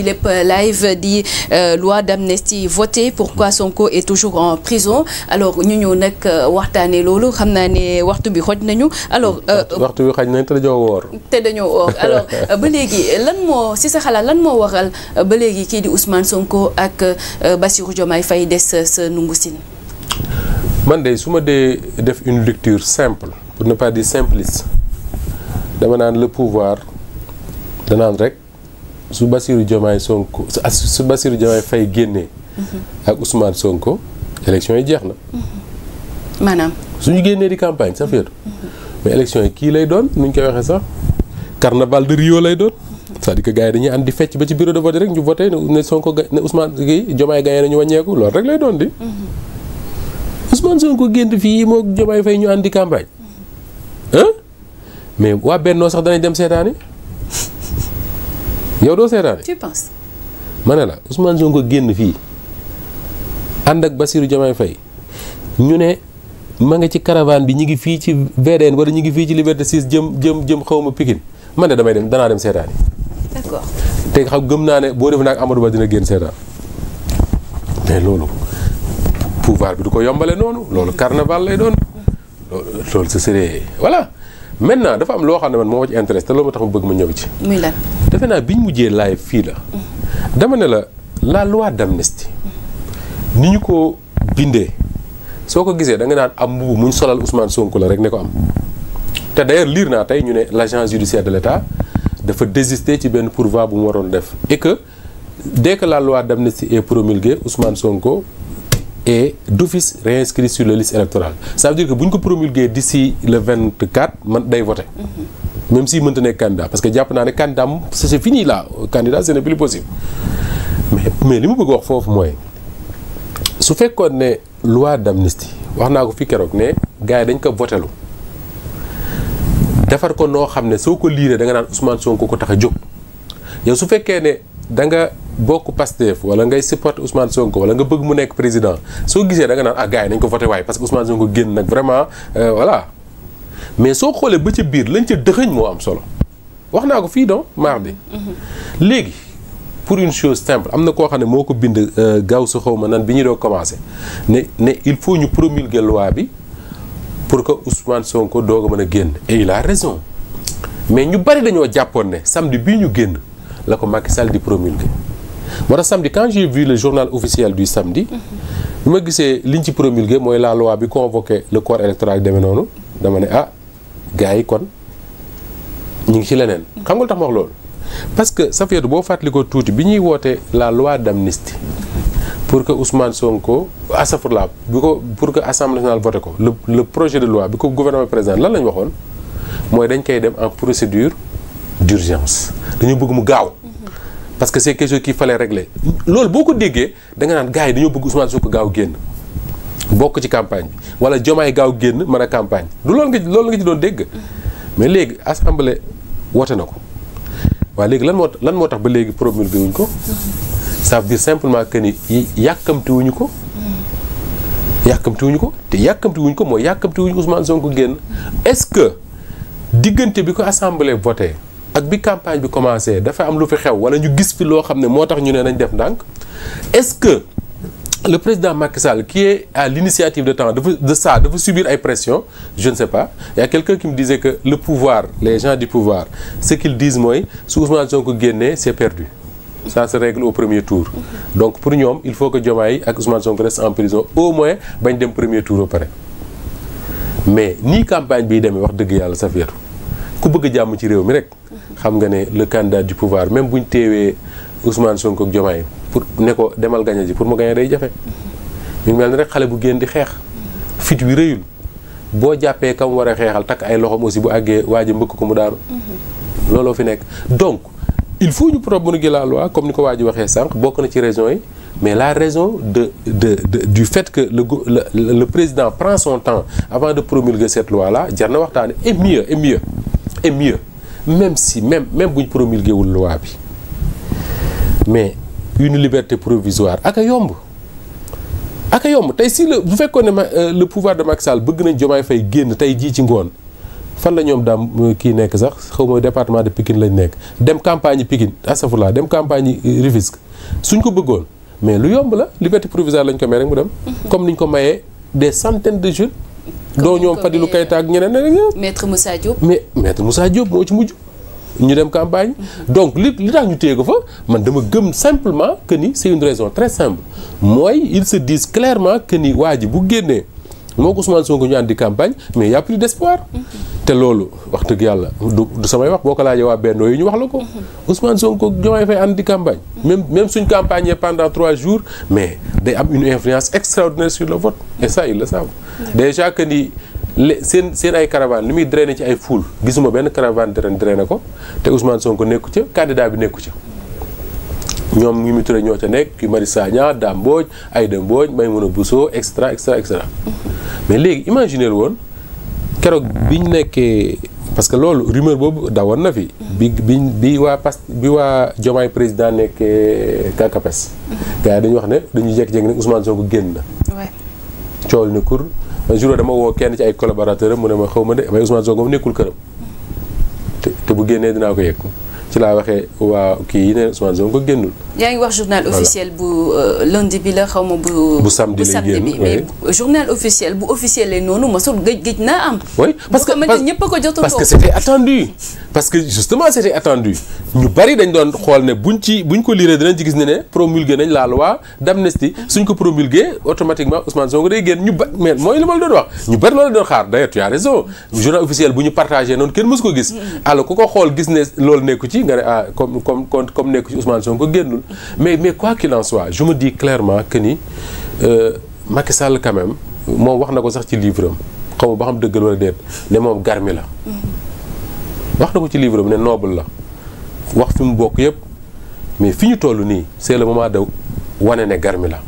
bi lépp euh, live di euh, loi d'amnistie votée pourquoi mm-hmm. Sonko est toujours en prison alors ñu ñëw nag euh, waxtaanee loolu xam naa ne waxtu bi xoj nañu alors. waxtu bi xoj nañu te dañoo woor. te dañoo woor alors ba léegi lan moo si sa xalaat lan moo waxal ba léegi kii di Ousmane Sonko ak Bassirou Diomaye Faye des sa nungu sin man de su ma dee def une lecture simple pour ne pas dire simpliste dama naan le pouvoir danaan rek su Bassirou Diomaye Sonko su Bassirou Diomaye fay génnee. Mhm. ak Ousmane Sonko élection yi jeex na. Mhm. maanaam. suñu génnee di campagne sa fiir mhm. mais élection yi kii lay doon nu ñu koy waxee sax carnaval di Rio lay doon. c'est-à-dire que gars yi dañuy ànd di fecc ba ci bureau de vote rek ñu voté ne Sonko ne usmaan kii Diomaye gars yi nañu wàññeeku loolu rek lay doon di. Ousmane Sonko génn fii moo Diomaye Faye ñu àndi campagne. mais waa Bennoo sax danañ dem seetaani. yow doo seetaane. tu penses. ma ne la Ousmane Sonko génn fii ànd ak Bassirou Diomaye fay ñu ne ma nga ci caravane bi ñu ngi fii ci VDN wala ñu ngi fii ci Liberté 6 jëm jëm jëm xaw ma Pikine man ne damay dem danaa dem seetaani. d'accord te xam gëm naa ne boo def naag Amadou Ba dina génn seetaan mais loolu pouvoir bi du ko yombale noonu loolu carnaval lay doon loolu ce serait voilà. maintenant dafa am loo xam ne man moo ma ci intéresse te loolu ma tax ma bëgg ma ñëw ci. muy lan defe naa biñ mujjee live fii la. dama ne la la loi d'amnistie ni ñu ko bindee soo ko gisee da nga naan am mbubu muñ solal Ousmane Sonko la rek ne ko am. te d'ailleurs liir naa tey ñu ne l'agence judiciaire de l'État dafa désister ci benn pourvoi bu mu waroon def et que dès que la loi d'amnistie et promulguée Ousmane Sonko. est d'office réinscrit sur les listes électorales ça veut dire que bu ñu ko promulguer d'ici le 24 man day voter mm-hmm. même si mënta nekk candidat parce que jàpp naa ne candidat c'est fini là candidat ce n'est plus possible mais mais li mu bëgg wax foofu mooy su fekkoon ne loi d'amnistie wax naa ko fi keroog ne gars yi dañ ko votelu defar ko noo xam ne soo ko liiree danga nga naan soo ko ko tax a jóg yow su fekkee ne da bokk Pastef wala ngay supporter Ousmane Sonko wala nga bëgg mu nekk président soo gisee da nga naan ah gars nañ ko voté waay parce que Ousmane Sonko génn nag vraiment euh, voilà mais soo xoolee ba ca biir lañ ca dëxëñ moo am solo wax naa ko fii donc mardi mhm. léegi pour une chose simple am na koo xam ne moo ko bind euh, gaaw su xaw ma nan bi ñu doo commencé ne ne il faut ñu promulguer loi bi pour que Ousmane Sonko doog a mën a génn et il raison mais ñu bari dañoo jàppoon ne samedi bii ñu génn la ko Macky Sall di promulguer moo tax samedi quand j'ai vu le journal officiel du samedi bi ma gisee liñ ci promulgué mooy la loi bi convoqué le corps électoral demee noonu dama ne ah gars yi kon ñu ngi ci leneen xam nga lu tax ma wax loolu parce que Safiatou boo fàttali ko tuuti bi ñuy wootee la loi d'amnistie pour que Ousmane Sonko asafurla bi ko pour que assemblée nationale voté ko le le projet de loi bi ko gouvernement président lan la waxoon mooy dañ koy dem en procédure d'urgence dañu bëgg mu gaaw parce que c'est quelque chose qu'il fallait régler loolu boo ko déggee da naan gars yi dañoo bëgg Ousmane Sonko gaaw génn bokk ci campagne bi wala Diomaye gaaw génn man a campagne du loolu nga loolu nga ci doon dégg mais léegi assemblée woote na ko waaw léegi lan moo lan moo tax ba léegi promulgué wuñ ko ça veut simplement que ni yàkkamti wuñu ko yàkkamti wuñu ko te yàkkamti wuñu ko mooy yàkkamti wuñu Ousmane génn est-ce que diggante bi ko assemblée voté ak bi campagne bi commencé dafa am lu fi xew wala ñu gis fi loo xam ne moo tax ñu ne nañ def ndànk est-ce que le président Macky Sall qui est à l'initiative de temps dafa de ça dafa subir ay pression je ne sais pas il y a quelqu'un qui me le pouvoir les gens du pouvoir ce qu'ils disent mooy su Ousmane Sonko génnee c'est perdu ça se règle au premier tour donc pour ñoom il faut que jomaay ak Ousmane ko reste en prison au moins bañ dem premier tour ba pare mais nii campagne biy demee wax dëgg yàlla sa ku bëgg jàmm ci réew mi rek xam nga ne le candidat du pouvoir même bu teewee Ousmane Sonko ak Diomaye pour ne ko demal gañe ji pour mu gañe day jafe ñu mel ni rek xale bu génn di xeex fit wi rëyul boo jàppee kam war a xeexal takk ay loxoom aussi bu àggee waa ji mbëkk ko mu daanu looloo fi nekk donc il faut ñu promulguer la loi comme ni ko waa ji waxee sànq bokk na ci raison yi mais la raison de de, de du fait que le, la le président prend son temps avant de promulguer cette loi là jar na waxtaane et et mieux même si même même bu ñu promulgué wul loi bi mais une liberté provisoire ak yomb ak a yomb tey si la bu fekkoon ne ma euh, le pouvoir de Macky Sall bëgg nañ Diomaye fay génn tey jii ci ngoon fan la ñoom daam euh, kii nekk sax xaw ma département de Pikine lañ nekk dem campagne Pikine astafurlah dem campagne euh, Rufisque suñ ko bëggoon mais lu yomb la liberté provisoire lañ ko may rek mu dem. Mhm. comme ñu ko mayee des centaines de jeunes. doo ñoom Fadilou euh, Keita ak ñeneen ak ñeneen. maître Moussa Diop. mais maître Moussa Diop moo ci mujj ñu dem campagne. Mm-hmm. donc li li tax ñu téye ko fa man dama gëm simplement que ni c'est raison très simple mooy ils se disent clairement que ni waa bu génnee moo ko soo Sonko ñu àndi campagne mais y a plus d'espoir. Mm-hmm. te loolu wax dëgg yàlla du du samay wax boo ko laajee waa Benno yi ñu wax la ko. Ousmane Sonko Diomaye Faye ànd di campagne. même même suñ campagne pendant trois jours mais day am une influence extraordinaire sur le vote et ça ils le savent. déjà que ni seen seen ay caravane li muy drainer ci ay foule gisuma benn caravane drainer drainer ko te Ousmane Sonko nekku ca candidat bi nekku ca. ñoom ñu mu turee ñoo ca nekk ki Mari Sagna Dame Mbodj Aïda Mbodj Maïmouna Bousso et cetera et mais léegi imaginer woon. keroog bi ñu nekkee parce que loolu rumeur boobu dawoon na fi. bi bi bi waa past bi waa Jomaay président nekkee Kakapes. gars yi dañu wax ne dañuy jékki-jékki ne Ousmane bu génn na. cool ni kur un jour dama woo kenn ci ay collaborateur am mu ne ma xaw ma de may Ousmane Sonko nekkul këram. te bu génnee dinaa ko yëg. ci laa waxee waa kii yi ne Ousmane Sonko génnul. yaa ngi wax journal officiel bu euh, lundi bi la xaw ma bu. bu samedi lay génn bi mais journal officiel bu officiel noonu mosul gëj gëj ñëpp a ko jot parce que ñu bari dañ doon xool ne buñ ci buñ ko suñ ko promulgué automatiquement Ousmane Sonko day génn ñu ba mais mooy li ma la doon wax ñu bari loolu doon xaar d' ailleurs tu raison journal officiel bu ñu partagé noonu kenn mësu ko gis mm-hmm. alors ku ko xool gis ne loolu nekku ci ci nga ne ah comme comme comme nekk ci Ousmane Sonko génnul mais mais quoi qu'il en soit je clairement que ni euh, Macky quand même moom wax na ko sax ci livre am xaw ma ba xam dëggal wala déet ne moom garmi la. wax na ci livre am ne la wax fi mu bokk yëpp mais fi ñu toll nii c'est le moment de wane ne garmi la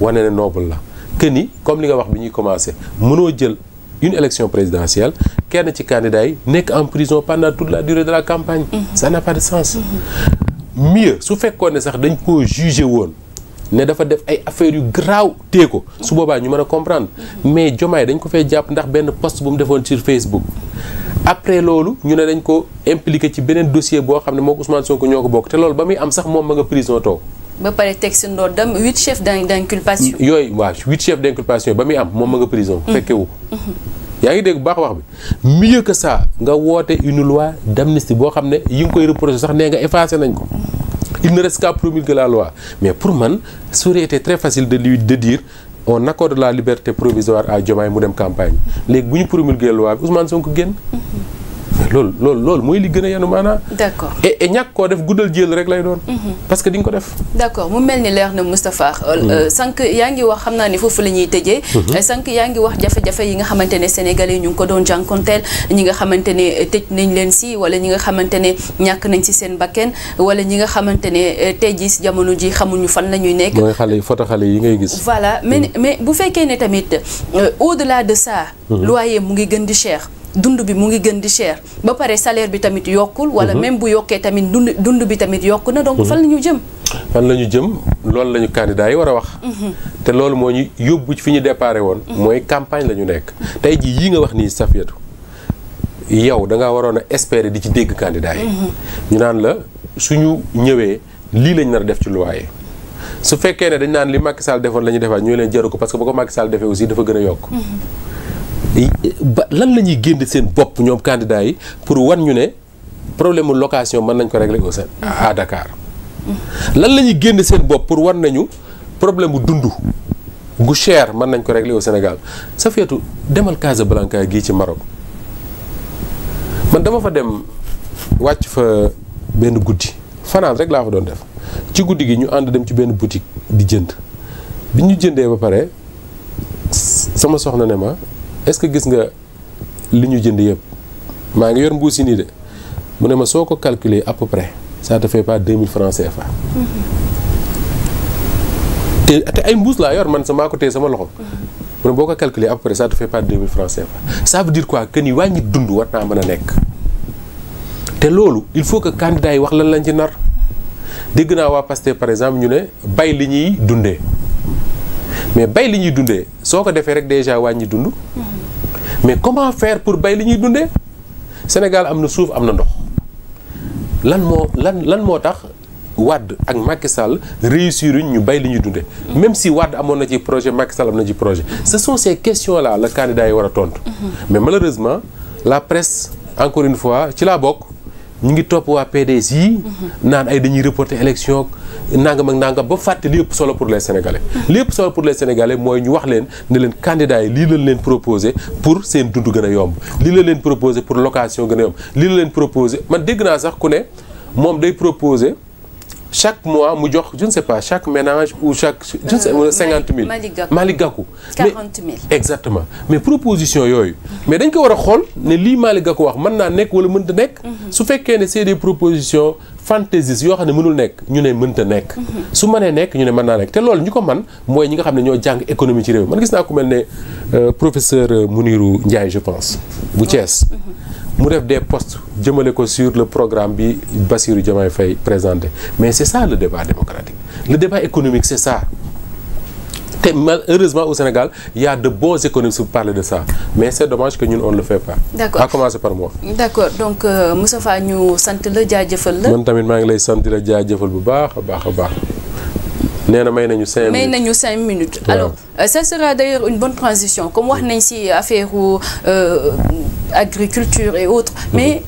wane ne noble la que comme li nga wax bi ñuy commencer mënoo jël. une élection présidentielle kenn ci candidat yi nekk en prison pendant toute la durée de la campagne mhm. ça n'a pas de sens mhm. mieux su fekkoon ne sax dañ ko jugé woon ne dafa def ay affaires yu graaw tee ko su boobaa ñu mën a comprendre mhm. mais Diomaye dañ ko fay jàpp ndax benn post bu mu defoon sur Facebook après loolu ñu ne dañ ko impliqué ci beneen dossier boo xam ne moo ko Ousmane Sonko ñoo ko bokk te loolu ba muy am sax moom ma nga prison toog ba pare teg si ndoddam huit chefs d'inculpation. yooy waaw huit chefs d'inculpation ba muy am moom ma nga prison. Mm. fekke ko. Mm-hmm. yaa ngi dégg bu baax wax bi mieux que ça nga woote une loi d'amnistie boo xam ne yi nga koy reproché sax nee nga effacé nañ ko. Mm-hmm. il ne reste qu'à promulguer mais pour man ça aurait été très facile de lui de dire on accorde la liberté provisoire à Diomaye mu dem campagne mm-hmm. léegi bu ñu promulguer loi bi Ousmane ko génn. loolu loolu lool mooy li gën a yenu maanaa d'accord et ñàkk koo def guddal jël rek lay doon mhm. parce que di ko def d'accord mu mel ni leer na Moustapha euh, mhm. euh, sànq yaa ngi wax xam naa ni foofu la ñuy tëjee mhm. euh, sànq yaa ngi wax jafe-jafe yi nga xamante ne sénégalais ñu ngi ko doon jànkonteel ñi nga xamante ne tëj nañ leen si wala ñi nga xamante ne ñàkk nañ si seen bakken wala ñi nga xamante ne tey jii si jamono ji xamuñu fan la ñuy nekk mooy xale yi photo xale yi ngay gis voilà mais mais bu fekkee ne tamit au delà de ça loyer mu ngi gën di cher dund bi mu ngi gën di cher ba pare salaire bi tamit yokkul. wala mhm. même bu yokkee tamit dund dund bi tamit yokk na donc mhm. fan la ñu jëm. fan la ñu jëm loolu la ñu candidats yi war a wax. Mhm. te loolu moo ñu yóbbu fi ñu déparé woon. mooy campagne la ñu nekk. tey jii yii nga wax nii Safiatou yow da ngaa waroon a espérer di ci dégg candidats yi. ñu naan la su suñu ñëwee lii lañ nar def ci lu yi su fekkee ne dañ naan li Macky Sall defoon la ñuy defaat ñu leen jaru ko parce que bu ko Macky Sall dafa gën a ba lan la ñuy génn seen bopp ñoom candidats yi pour wan ñu ne problème mu location mën nañ ko régler au sein à Dakar lan la ñuy génn seen bopp pour wan nañu problème bu dund gu cher mën nañ ko régler au senegal sa feetu demal Casablanca gii ci Maroc man dama fa dem wàcc fa benn guddi fanaan rek laa fa doon def ci guddi gi ñu ànd dem ci benn boutique di jënd bi ñu jëndee ba pare sama soxna ne ma est-ce que gis nga li ñu jënd yëpp maa ngi yor mbuus yi nii de mu ne ma soo ko calculer à peu près saa te fait pas 2000 fa te te ay mbuus laa yor man sama côté sama loxo. mu ne boo ko calculer à peu près ça te fait pas 2000 francs CFA ça veut dire quoi que ni wàññi dund war naa mën a nekk. te loolu il faut que candidats yi wax lan lañ ci nar dégg naa waa Pastef par exemple ñu ne bay li ñuy dundee. mais bay li ñuy dundee soo ko defee rek déjà wàññi dund. mais comment faire pour bay li ñuy dundee Sénégal am na suuf am na ndox lan moo lan lan moo tax wadd ak Macky Sall réussir ñu bay li ñuy dundee. même si Wade amoon na ci projet Macky Sall am na ci projet ce sont ces questions là la candidat war a tontu. mais malheureusement la presse encore une fois ci laa bokk ñu ngi topp waa PDS yi. naan ay dañuy reporter élection. nangam ak nangam ba fàtte li ëpp solo pour les sénégalais. li ëpp solo pour les sénégalais mooy ñu wax leen ne leen candidats yi lii lañ leen proposé pour seen dund gën a yomb lii la leen proposé pour location gën a yomb lii la leen proposé man dégg naa sax ku ne moom day proposé. chaque mois mu jox je ne sais pas chaque ménage ou chaque je ne sais wala euh, cinquante mille Malick Gakou quarante mille exactement mais proposition yooyu mais dañ ko war a xool ne lii Malick Gakou wax mën naa nekk wala mënta nekk mhm. su fekkee ne c'est des propositions fantaisies yoo xam ne mënul nekk ñu ne mënta nekk mhm. su manee nekk ñu ne mën naa nekk te loolu ñu ko man mooy ñi nga xam ne ñoo jàng économie ci réew man gis naa ku mel ne euh, professeur euh, Mounirou Ndiaye je pense bu Thiès mhm. mu def des post jëmale ko sur le programme bi Bassirou Diomaye fay présenté mais c'est ça le débat démocratique le débat économique c'est ça te malheureusement au Sénégal il y a de bons économistes qui parlent de ça mais c'est dommage que ñun on ne le fait pas. d'accord à commencer par moi. d'accord donc euh, Moustapha ñu sant la jaajëfal la. man tamit maa ngi lay sant di la jëfal bu baax a baax a baax. nee na may nañu cinq minutes may nañu cinq minutes. alors euh, ça sera d'ailleurs une bonne transition comme wax nañ ci affaire euh, agriculture et autres mais.